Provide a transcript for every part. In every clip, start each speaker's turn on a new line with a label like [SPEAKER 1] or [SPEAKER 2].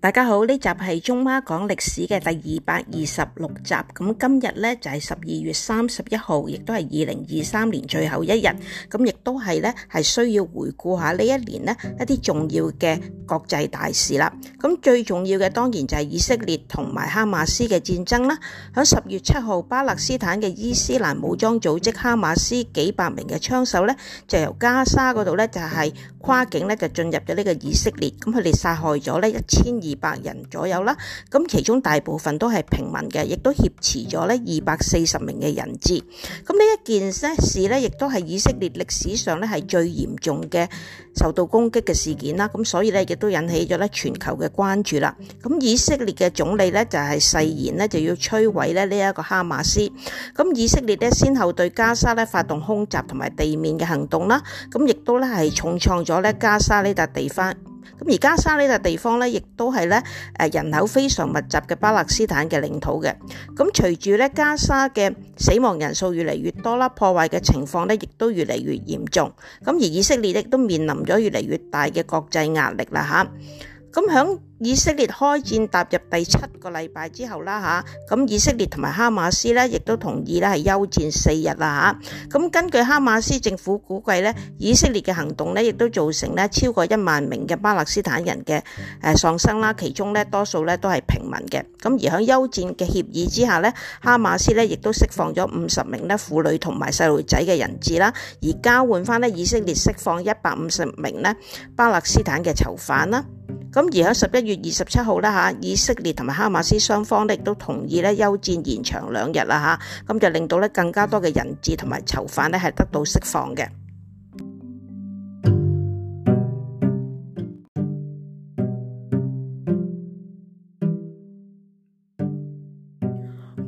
[SPEAKER 1] 大家好，呢集係中媽講歷史嘅第二百二十六集，咁今日咧就係十二月三十一號，亦都係二零二三年最後一日，咁亦。都係咧，係需要回顧下呢一年呢一啲重要嘅國際大事啦。咁最重要嘅當然就係以色列同埋哈馬斯嘅戰爭啦。喺十月七號，巴勒斯坦嘅伊斯蘭武裝組織哈馬斯幾百名嘅槍手呢，就由加沙嗰度呢，就係跨境呢，就進入咗呢個以色列，咁佢哋殺害咗呢一千二百人左右啦。咁其中大部分都係平民嘅，亦都挾持咗呢二百四十名嘅人質。咁呢一件事呢，亦都係以色列歷史。上咧係最嚴重嘅受到攻擊嘅事件啦，咁所以咧亦都引起咗咧全球嘅關注啦。咁以色列嘅總理咧就係誓言呢，就要摧毀咧呢一個哈馬斯。咁以色列咧先後對加沙咧發動空襲同埋地面嘅行動啦，咁亦都咧係重創咗咧加沙呢笪地方。咁而加沙呢笪地方咧，亦都係咧，誒人口非常密集嘅巴勒斯坦嘅領土嘅。咁隨住咧加沙嘅死亡人數越嚟越多啦，破壞嘅情況咧亦都越嚟越嚴重。咁而以色列亦都面臨咗越嚟越大嘅國際壓力啦吓。咁響以色列開戰踏入第七個禮拜之後啦吓，咁以色列同埋哈馬斯呢亦都同意呢係休戰四日啦吓。咁根據哈馬斯政府估計呢，以色列嘅行動呢亦都造成呢超過一萬名嘅巴勒斯坦人嘅誒喪生啦，其中呢，多數呢都係平民嘅。咁而喺休戰嘅協議之下呢，哈馬斯呢亦都釋放咗五十名呢婦女同埋細路仔嘅人質啦，而交換翻呢以色列釋放一百五十名呢巴勒斯坦嘅囚犯啦。咁而喺十一月，1> 1月二十七號啦吓，以色列同埋哈馬斯雙方亦都同意咧休戰延長兩日啦吓，咁就令到咧更加多嘅人質同埋囚犯咧係得到釋放嘅。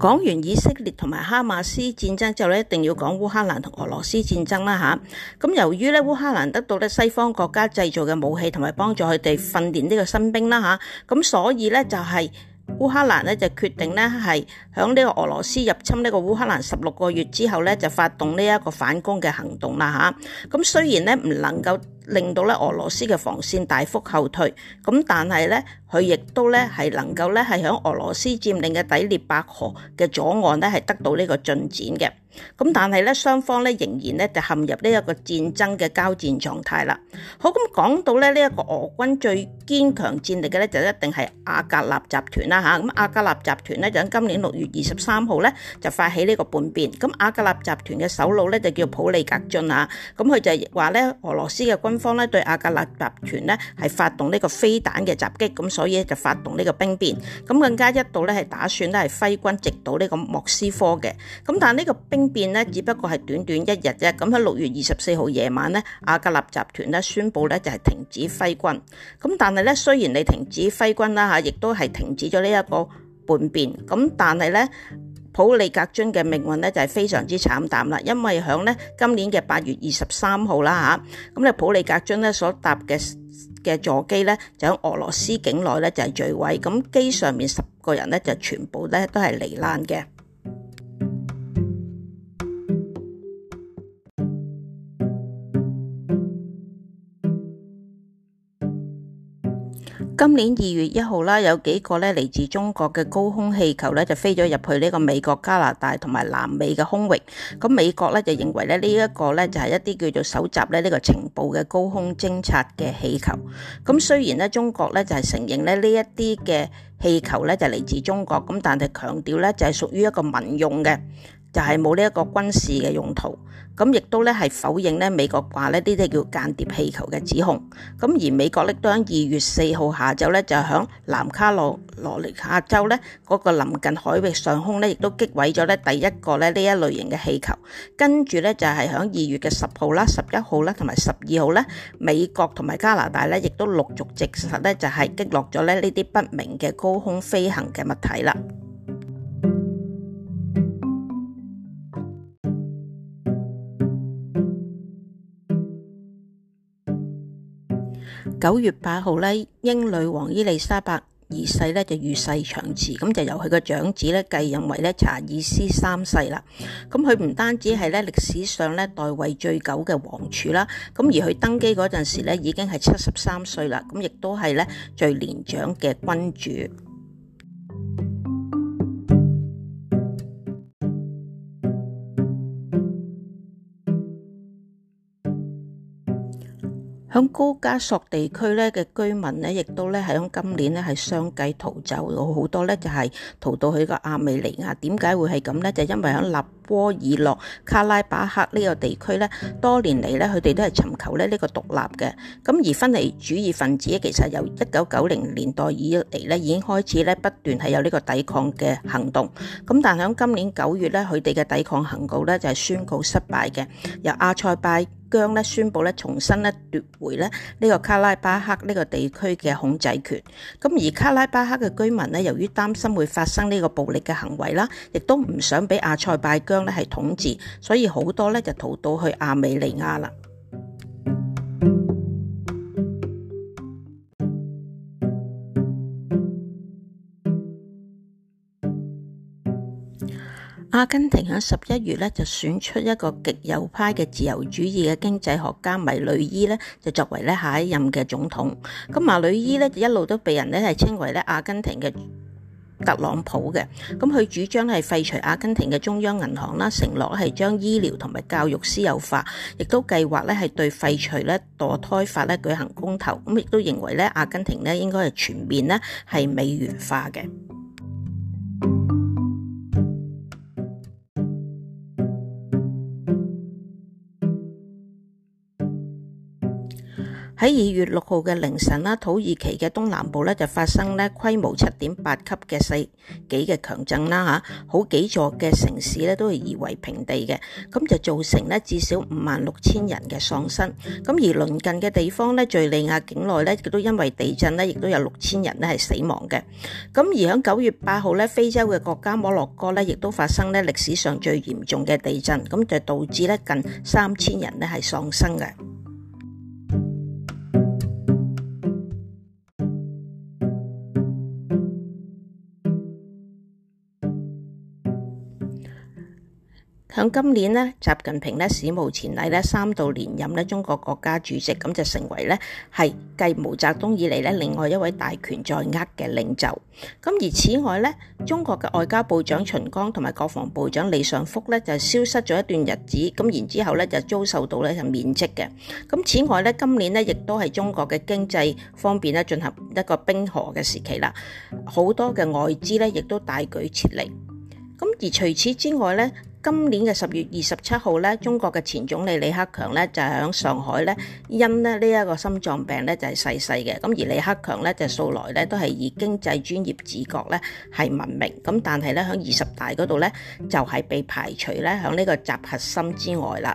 [SPEAKER 1] 講完以色列同埋哈馬斯戰爭之後咧，一定要講烏克蘭同俄羅斯戰爭啦吓。咁由於咧烏克蘭得到咧西方國家製造嘅武器同埋幫助佢哋訓練呢個新兵啦吓，咁所以咧就係烏克蘭咧就決定咧係喺呢個俄羅斯入侵呢個烏克蘭十六個月之後咧就發動呢一個反攻嘅行動啦吓。咁雖然咧唔能夠。令到咧俄羅斯嘅防線大幅後退，咁但係咧佢亦都咧係能夠咧係喺俄羅斯佔領嘅底列白河嘅左岸咧係得到呢個進展嘅，咁但係咧雙方咧仍然咧就陷入呢一個戰爭嘅交戰狀態啦。好，咁講到咧呢一個俄軍最堅強戰力嘅咧就一定係阿格納集團啦吓，咁阿格納集團咧就喺今年六月二十三號咧就發起呢個叛變，咁阿格納集團嘅首腦咧就叫普利格津啊，咁佢就話咧俄羅斯嘅軍軍方咧對阿格納集團咧係發動呢個飛彈嘅襲擊，咁所以就發動呢個兵變，咁更加一度咧係打算咧係揮軍直到呢個莫斯科嘅。咁但係呢個兵變咧只不過係短短一日啫。咁喺六月二十四號夜晚咧，阿格納集團咧宣佈咧就係停止揮軍。咁但係咧雖然你停止揮軍啦吓，亦都係停止咗呢一個叛變。咁但係咧。普里格津嘅命運咧就係非常之慘淡啦，因為響咧今年嘅八月二十三號啦吓，咁咧普里格津咧所搭嘅嘅座機咧就喺俄羅斯境內咧就係墜毀，咁機上面十個人咧就全部咧都係罹難嘅。今年二月一號啦，有幾個咧嚟自中國嘅高空氣球咧就飛咗入去呢個美國、加拿大同埋南美嘅空域。咁美國咧就認為咧呢一個咧就係一啲叫做蒐集咧呢個情報嘅高空偵察嘅氣球。咁雖然咧中國咧就係承認咧呢一啲嘅氣球咧就嚟自中國，咁但係強調咧就係屬於一個民用嘅。就係冇呢一個軍事嘅用途，咁亦都咧係否認咧美國話呢啲叫間諜氣球嘅指控。咁而美國呢都喺二月四號下晝咧就喺南卡羅羅利亞州咧嗰個臨近海域上空咧亦都擊毀咗咧第一個咧呢一類型嘅氣球。跟住咧就係喺二月嘅十號啦、十一號啦同埋十二號咧，美國同埋加拿大咧亦都陸續證實咧就係擊落咗咧呢啲不明嘅高空飛行嘅物體啦。九月八號咧，英女王伊麗莎白二世咧就與世長辭，咁就由佢個長子咧繼任為咧查爾斯三世啦。咁佢唔單止係咧歷史上咧代位最久嘅王儲啦，咁而佢登基嗰陣時咧已經係七十三歲啦，咁亦都係咧最年長嘅君主。咁高加索地區咧嘅居民咧，亦都咧喺今年咧係相繼逃走好多咧，就係、是、逃到去個亞美尼亞。點解會係咁咧？就是、因為喺納波爾諾卡拉巴克呢個地區咧，多年嚟咧佢哋都係尋求咧呢個獨立嘅。咁而分離主義分子其實由一九九零年代以嚟咧已經開始咧不斷係有呢個抵抗嘅行動。咁但喺今年九月咧，佢哋嘅抵抗行動咧就係、是、宣告失敗嘅，由阿塞拜疆咧宣布咧重新咧奪回咧呢個卡拉巴克呢個地區嘅控制權，咁而卡拉巴克嘅居民咧由於擔心會發生呢個暴力嘅行為啦，亦都唔想俾阿塞拜疆咧係統治，所以好多咧就逃到去亞美尼亞啦。阿根廷喺十一月咧就選出一個極右派嘅自由主義嘅經濟學家米雷伊咧，就作為咧下一任嘅總統。咁米雷伊咧一路都被人咧係稱為咧阿根廷嘅特朗普嘅。咁佢主張咧係廢除阿根廷嘅中央銀行啦，承諾係將醫療同埋教育私有化，亦都計劃咧係對廢除咧墮胎法咧舉行公投。咁亦都認為咧阿根廷咧應該係全面咧係美元化嘅。喺二月六號嘅凌晨啦，土耳其嘅東南部咧就發生咧規模七點八級嘅世紀嘅強震啦吓，好幾座嘅城市咧都係夷為平地嘅，咁就造成咧至少五萬六千人嘅喪生。咁而鄰近嘅地方咧，敘利亞境內咧亦都因為地震咧，亦都有六千人咧係死亡嘅。咁而喺九月八號咧，非洲嘅國家摩洛哥咧亦都發生咧歷史上最嚴重嘅地震，咁就導致咧近三千人咧係喪生嘅。向今年呢，習近平呢史無前例呢三度連任呢中國國家主席，咁就成為呢係繼毛澤東以嚟呢另外一位大權在握嘅領袖。咁而此外呢，中國嘅外交部長秦剛同埋國防部長李尚福呢就消失咗一段日子，咁然之後呢就遭受到呢就免職嘅。咁此外呢，今年呢亦都係中國嘅經濟方面呢進行一個冰河嘅時期啦，好多嘅外資呢亦都大舉撤離。咁而除此之外呢。今年嘅十月二十七號咧，中國嘅前總理李克強咧就喺上海咧，因咧呢一個心臟病咧就係逝世嘅。咁而李克強咧就素來咧都係以經濟專業治國咧係聞名。咁但係咧喺二十大嗰度咧就係被排除咧喺呢個習核心之外啦。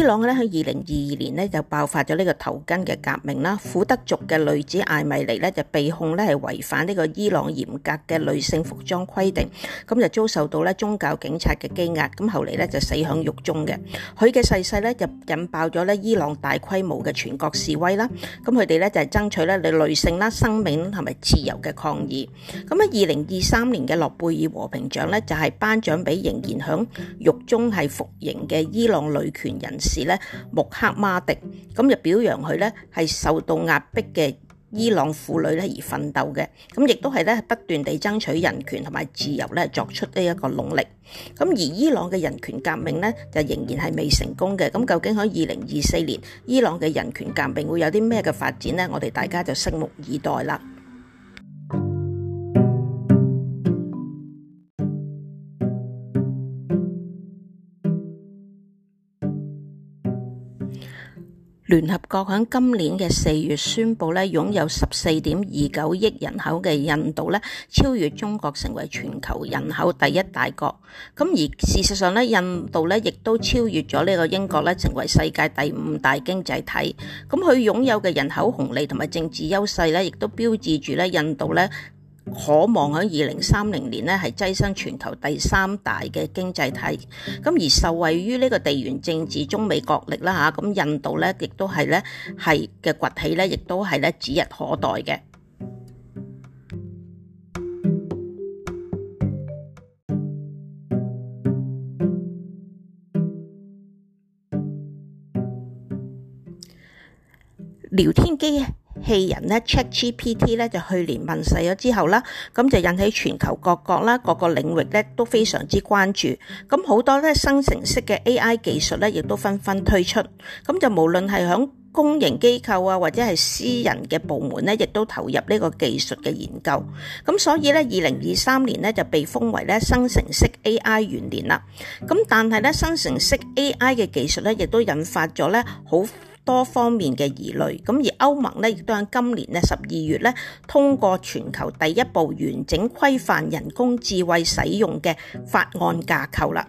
[SPEAKER 1] 伊朗咧喺二零二二年咧就爆發咗呢個頭巾嘅革命啦，庫德族嘅女子艾米莉咧就被控咧係違反呢個伊朗嚴格嘅女性服裝規定，咁就遭受到咧宗教警察嘅羈押，咁後嚟咧就死響獄中嘅。佢嘅逝世咧就引爆咗咧伊朗大規模嘅全國示威啦，咁佢哋咧就係爭取咧你女性啦、生命同埋自由嘅抗議。咁喺二零二三年嘅諾貝爾和平獎咧就係頒獎俾仍然響獄中係服刑嘅伊朗女權人士。時咧穆克馬迪，咁就表揚佢咧係受到壓迫嘅伊朗婦女咧而奮鬥嘅，咁亦都係咧不斷地爭取人權同埋自由咧作出呢一個努力。咁而伊朗嘅人權革命咧就仍然係未成功嘅。咁究竟喺二零二四年伊朗嘅人權革命會有啲咩嘅發展咧？我哋大家就拭目以待啦。聯合國喺今年嘅四月宣布咧，擁有十四點二九億人口嘅印度咧，超越中國成為全球人口第一大國。咁而事實上咧，印度咧亦都超越咗呢個英國咧，成為世界第五大經濟體。咁佢擁有嘅人口紅利同埋政治優勢咧，亦都標誌住咧，印度咧。可望喺二零三零年呢，係躋身全球第三大嘅經濟體。咁而受惠於呢個地緣政治中美角力啦嚇，咁印度呢亦都係呢係嘅崛起呢，亦都係呢指日可待嘅。聊天機啊！棄人咧，ChatGPT 咧就去年問世咗之後啦，咁就引起全球各國啦、各個領域咧都非常之關注。咁好多咧生成式嘅 AI 技術咧，亦都紛紛推出。咁就無論係響公營機構啊，或者係私人嘅部門咧，亦都投入呢個技術嘅研究。咁所以咧，二零二三年咧就被封為咧生成式 AI 元年啦。咁但係咧，生成式 AI 嘅技術咧，亦都引發咗咧好。多方面嘅疑慮，咁而歐盟咧，亦都喺今年咧十二月咧通過全球第一部完整規範人工智慧使用嘅法案架構啦。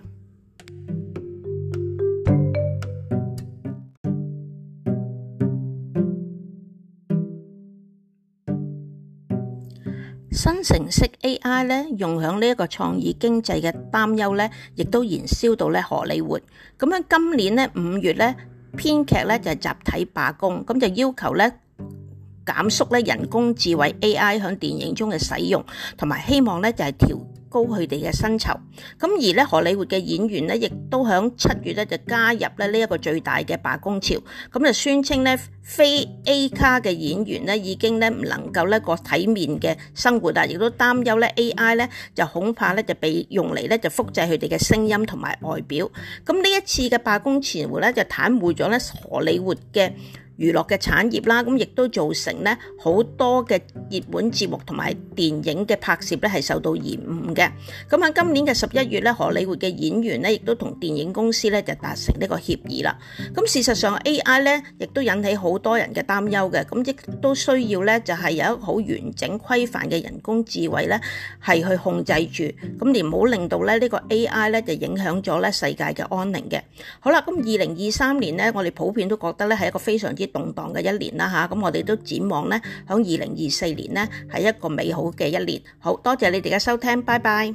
[SPEAKER 1] 生成式 AI 咧用喺呢一個創意經濟嘅擔憂咧，亦都燃燒到咧荷里活，咁喺今年咧五月咧。編劇咧就係集體罷工，咁就要求咧減縮咧人工智慧 A.I. 響電影中嘅使用，同埋希望咧就係調高佢哋嘅薪酬，咁而咧荷里活嘅演員咧，亦都響七月咧就加入咧呢一個最大嘅罷工潮，咁就宣稱咧非 A 卡嘅演員咧已經咧唔能夠呢個體面嘅生活啊，亦都擔憂咧 AI 咧就恐怕咧就被用嚟咧就複製佢哋嘅聲音同埋外表，咁呢一次嘅罷工前後咧就癱瘓咗咧荷里活嘅。娛樂嘅產業啦，咁亦都造成咧好多嘅熱門節目同埋電影嘅拍攝咧係受到延誤嘅。咁喺今年嘅十一月咧，荷里活嘅演員咧亦都同電影公司咧就達成呢個協議啦。咁事實上 AI 咧亦都引起好多人嘅擔憂嘅，咁亦都需要咧就係有一好完整規範嘅人工智慧咧係去控制住，咁唔好令到咧呢個 AI 咧就影響咗咧世界嘅安寧嘅。好啦，咁二零二三年咧，我哋普遍都覺得咧係一個非常之動盪嘅一年啦吓，咁我哋都展望咧，響二零二四年咧係一個美好嘅一年。好多謝你哋嘅收聽，拜拜。